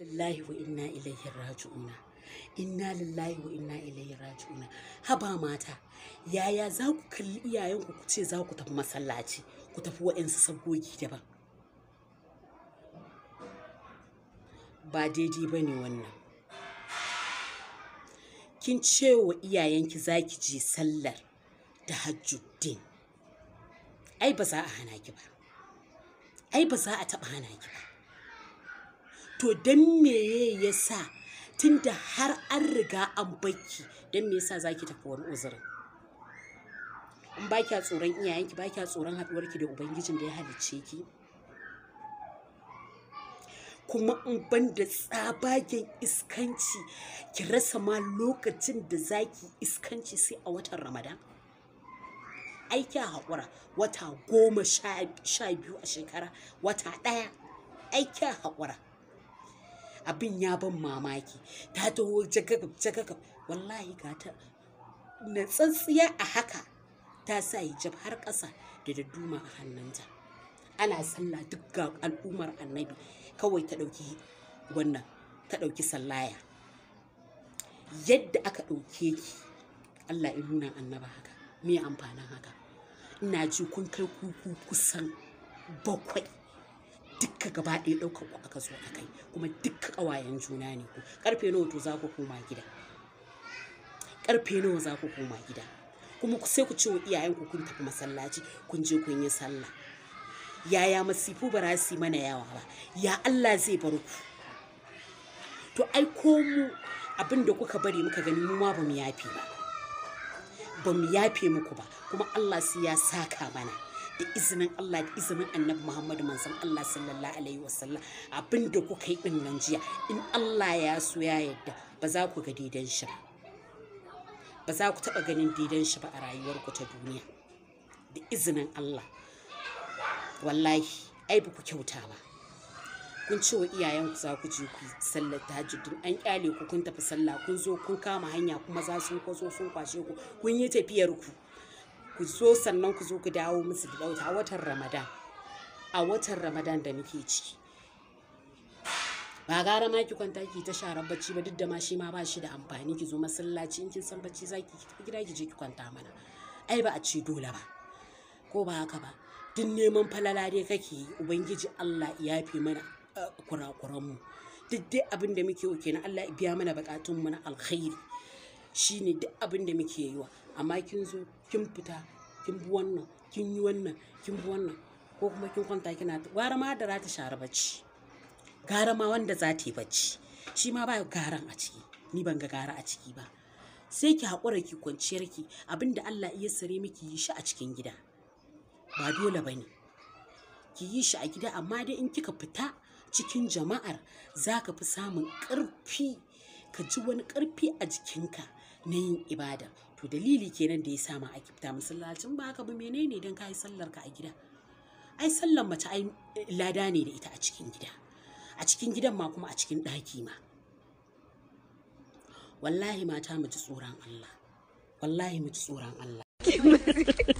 lillahi wa inna ilaihi raji'una inna lillahi wa inna ilaihi raji'una haba mata yaya za ku kalli iyayenku ku ce za ku tafi masallaci ku tafi wa'ansu sabgogi daban ba daidai ba ne wannan kin ce wa iyayenki za ki je sallar da hajjuddin ai ba za a hana ki ba ai ba za a taɓa hana ki ba to don meye ya sa tunda har an riga an baki don me yasa zaki tafi wani uzurin in ba kya tsoron iyayenki ba kya tsoron haɗuwarki da ubangijin da ya halicce ki kuma in ban da tsabagen iskanci ki rasa ma lokacin da zaki iskanci sai a watan ramadan aiki a haƙura wata goma sha biyu a shekara wata ɗaya aiki a haƙura abin ya ban mamaki ta taho jagagab jagagab wallahi ga ta na tsantsiya a haka ta sa hijab har ƙasa da daduma a hannunta ana sallah duk ga al'ummar annabi kawai ta ɗauki wannan ta ɗauki sallaya yadda aka ɗauke ki Allah ya nuna annaba haka me amfanin haka ina ji kun kai kuku kusan bakwai dukka gaba ɗaya ɗaukar ku aka zo a kai kuma dukka ƙawayen juna ne ku ƙarfe nawa to za ku koma gida ƙarfe nawa za ku koma gida kuma sai ku ce wa iyayenku kun tafi masallaci kun je kun yi sallah yaya masifu ba za su yi mana yawa ba ya Allah zai bar ku to ai ko mu abin da kuka bari muka gani mu ma ba mu yafe ba ba mu yafe muku ba kuma Allah sai ya saka mana da izinin Allah da izinin annabi Muhammadu manzon Allah sallallahu alaihi wasallam abin da kuka yi din nan jiya in Allah ya so ya yadda ba za ku ga didan shi ba ba za ku taɓa ganin didan shi ba a rayuwarku ta duniya da izinin Allah wallahi ai ba ku kyauta ba kun ce wa iyayenku za ku je ku sallar tahajjud an kyale ku kun tafi sallah kun zo kun kama hanya kuma za sun kwaso sun kwashe ku kun yi tafiyar ku ku zo sannan ku zo ku dawo musu da bauta a watan ramadan a watan ramadan da muke ciki ba gara ma ki kwanta ki ta share bacci ba duk da ma shi ma ba shi da amfani ki zo masallaci in kin san bacci zaki ki gida ki je ki kwanta mana ai ba a ce dole ba ko ba haka ba duk neman falala dai kake yi ubangiji Allah ya fi mana kurakuranmu duk dai abin da muke yi kenan Allah ya biya mana bukatun mu na alkhairi shine duk abin da muke wa amma kin zo kin fita kin bi wannan kin yi wannan kin bi wannan ko kuma kin kwanta kina gara ma da za ta share bacci gara ma wanda za ta yi bacci shi ma ba garan a ciki ni ban ga gara a ciki ba sai ki haƙura ki kwanciyar ki abin da Allah iya sare miki yi shi a cikin gida ba dole ba ne ki yi shi a gida amma dai in kika fita cikin jama'ar za fi samun ƙarfi ka ji wani ƙarfi a jikinka na yin ibada to dalili kenan da ya sa ma a kifta masallacin ba haka ba menene dan yi sallar ka a gida ai sallar mace ai lada ne da ita a cikin gida a cikin gidan ma kuma a cikin ɗaki ma wallahi mata mu ji tsoron Allah wallahi mu ji tsoron Allah